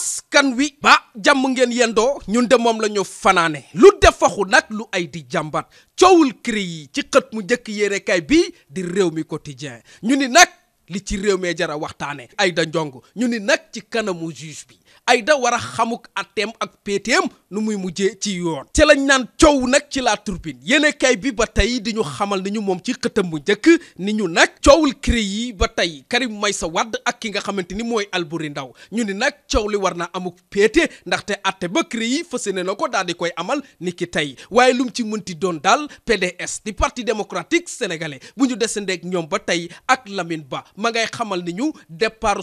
askan wi ba jàmm ngeen yendoo ñun de moom la ñu fanaane lu defaxu nag lu ay di jàmbat coowul CREI yi ci xët mu njëkk yéenekaay bi di réew mi quotidien ñu ni nag li ci réew mee jara waxtaane ay da njong ñu ni nag ci kanamu juge bi Aida war a xamuk atteem ak péeteem nu muy mujje ci yoon ci lañ naan coow nag ci la turbine yéene kay bi ba tey di ñu xamal ni moom ci xëtam bu njëkk ni ñu nag coowul CREI yi ba tey may Meïssa wadd ak ki nga xamante ni mooy Alboury ndaw ñu ni nag coow li war naa amuk péete ndaxte atte ba CREI yi fëse ne na ko daal di koy amal ni ki tey waaye lu mu ci mënti doon daal PDS di parti démocratique sénégalais bu ñu desandeeg ñoom ba tey ak Lamine Ba ma ngay xamal ni ñu départ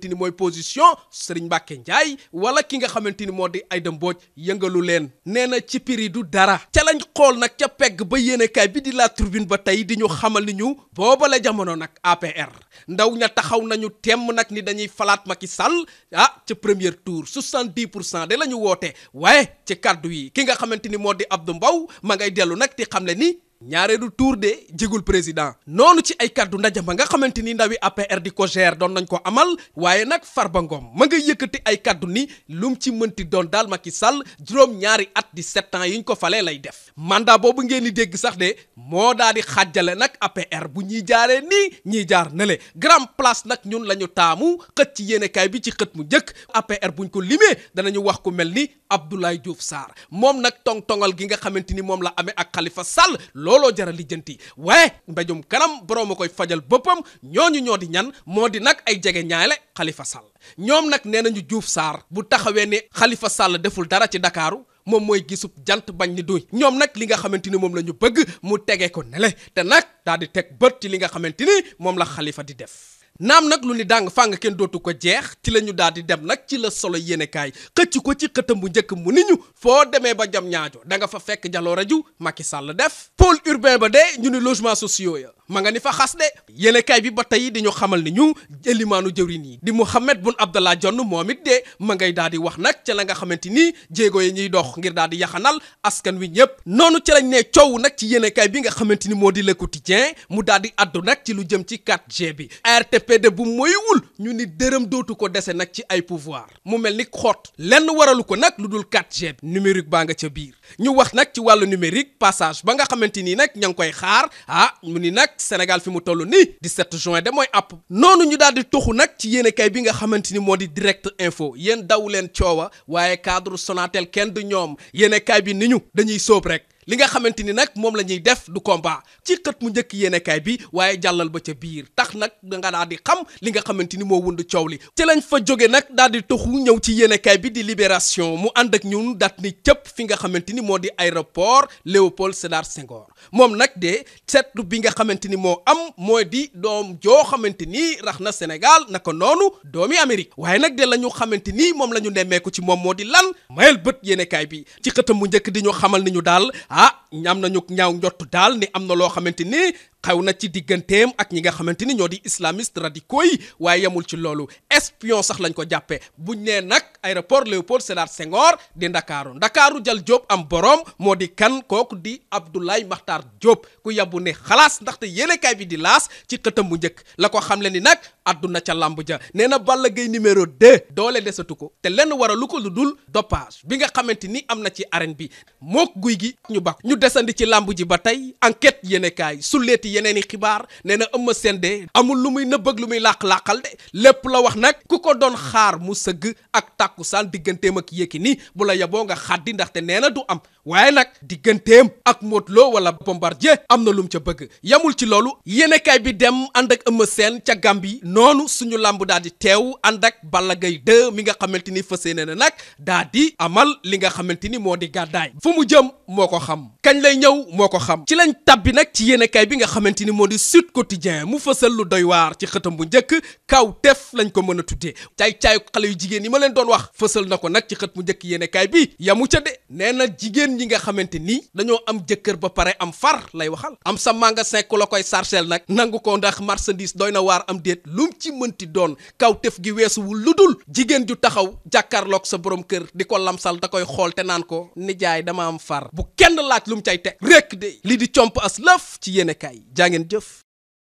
xamante ni mooy position Serigne Mbacke Ndiaye wala ki nga xamante ni moo di ay dëmbooj yëngalu leen nee na ci prix du dara ca lañ xool nag ca pegg ba yéenekaay bi di la tribune ba tey di ñu xamal ni ñu booba la jamono nag APR ndaw ña taxaw nañu temm nag ni dañuy falaat Macky Sall ah ca premier tour 70 pour cent de la ñu woote waaye ci kàddu yi ki nga xamante ni moo di Abdou Mbow ma ngay dellu nag di xamle ni. ñaareelu tour de jigul président noonu ci ay kàddu ndaje ma nga xamante ni ndawi APR di ko gère doon nañ ko amal waaye nag farbangom ma nga yëkkati ay kàddu ni lum ci mënti doon daal Macky Sall juróom-ñaari at di sept ans yi ñu ko falee lay def mandat boobu ngeen di dégg sax de moo daal di xàjjale nag APR bu ñuy jaaree ni ñuy jaar nale le grand place nag ñun la ñu taamu xët ci yéenekaay bi ci xët mu njëkk APR buñ ko limee danañu wax ku mel ni Abdoulaye Diouf Sarr moom nag tong gi nga xamante ni moom la amee ak Khalifa Sall looloo jara lijjanti waaye mbéjum kanam borom a koy fajal boppam ñooñu ñoo di ñan moo di nag ay jege ñaale xalifa Sall ñoom nag nee nañu Diouf saar bu taxawee ne xalifa Sall deful dara ci Dakaaru moom mooy gisub jant bañ ni duñ ñoom nag li nga xamante ni moom la ñu bëgg mu tege ko nele te nag daal di teg bët ci li nga xamante ni moom la xalifa di def naam nag lu ni dàng fàng kenn dootu ko jeex ci la ñu daal di dem nag ci la solo yéenekaay xëcc ko ci xëtam bu njëkk bu ni ñu foo demee ba jam ñaajo da nga fa fekk jaloo ju Macky Sall def pôle urbain ba de ñu ni logements sociaux ya ma nga ni fa xas de yéenekaay bi ba tey di ñu xamal ni ñu élimaanu jëwriñ yi di Mouhamed Boun Abdallah jonn moom it de ma ngay daal di wax nag ca la nga xamante ni jéego yi ñuy dox ngir daal di yaxanal askan wi ñëpp noonu ci lañ ne coow nag ci yéenekaay bi nga xamante ni moo di Le Quotidien mu daal di addu nag ci lu jëm ci 4G bi RTP de bu moywul ñu ni dërëm dootu ko dese nag ci ay pouvoir mu mel ni xoot lenn waralu ko nag lu dul 4G bi numérique baa nga ca biir ñu wax nag ci wàllu numérique passage ba nga xamante ni nag ña ngi koy xaar ah mu ni nag Sénégal fi mu toll nii 17 juin de mooy àpp noonu ñu daal di tuxu nag ci yéene kay bi nga xamante ni moo di direct info yéen daw leen coowa waaye cadre Sonatel kenn du ñoom yéene bi ni ñu dañuy soob rek li nga xamante ni nag moom la ñuy def du combat ci xët mu njëkk yéenekaay bi waaye jàllal ba ca biir tax nag nga daal di xam li nga xamante ni moo wund coow li ci lañ fa jóge nag daal di toxu ñëw ci yéenekaay bi di libération mu ànd ak ñun daat ni cëpp fi nga xamante ni moo di aéroport Léopold Sédar Senghor moom nag de seetlu bi nga xamante ni moo am mooy di doom joo xamante ni rax na Sénégal naka noonu doomi Amérique waaye nag de la ñu xamante ni moom la ñu nemmeeku ci moom moo di lan mayel bët yéenekaay bi ci xëtam mu njëkk di ñu xamal ni daal ah am nañu ñaaw njott daal ni am na loo xamante ni xew na ci digganteem ak ñi nga xamante ni ñoo di islamiste radicaux yi waaye yemul ci loolu espion sax lañ ko jàppee buñ nee nag aéroport Léopold Sédar Senghor di ndakaaru ndakaaru Jal Diop am borom moo di kan kooku di Abdoulaye Makhtar Diop ku yàbbu ne xalaas ndaxte yéenekaay bi di laas ci xëtam bu njëkk la ko xam le ni nag àdduna ca làmb ja nee na Balla Gaye numéro 2 doole desatu ko te lenn waralu ko lu dul dopage bi nga xamante ni am na ci arène bi mook guy gi ñu ñu desandi ci làmb ji ba tey enquête yéenekaay sulleeti yeneen i xibaar nee na Eumeu Sène de amul lu muy nëbbëg lu muy làq-làqal de lépp la wax nag ku ko doon xaar mu sëgg ak tàkkusaan digganteem ak ni bu la yeboo nga xaddi ndaxte nee na du am waaye nag digganteem ak Modou Lo wala Bombardier am na lum ca bëgg yamul ci loolu yéenekaay bi dem ànd ak Eumeu seen ca Gambie noonu suñu làmb daal di teew ànd ak bala Gaye 2 mi nga xamante ni fas yéene na nag daa di amal li nga xamante ni moo di gàddaay fu mu jëm moo ko xam kañ lay ñëw moo ko xam ci lañ tabbi nag ci yéenekaay bi nga xamante ni moo di Sud Quotidien mu fësal lu doy ci xëtam bu njëkk kaw tef lañ ko mën a tuddee caay caayu xale yu jigéen yi ma leen doon wax fësal na ko nag ci xët mu njëkk yéenekaay bi yamu ca de nee jigéen jigéen ñi nga xamante ni dañoo am jëkkër ba pare am far lay waxal am sa magasin ku koy sarcel nag nangu ko ndax marchandise doy na waar am déet lum ci mënti doon kaw tëf gi weesuwul lu dul jigéen ju taxaw jàkkaarloog sa borom kër di ko lamsal da koy xool te naan ko nijaay dama am far bu kenn laaj lu mu cay teg rekk de li di comp as lëf ci yéene kaay jaa ngeen jëf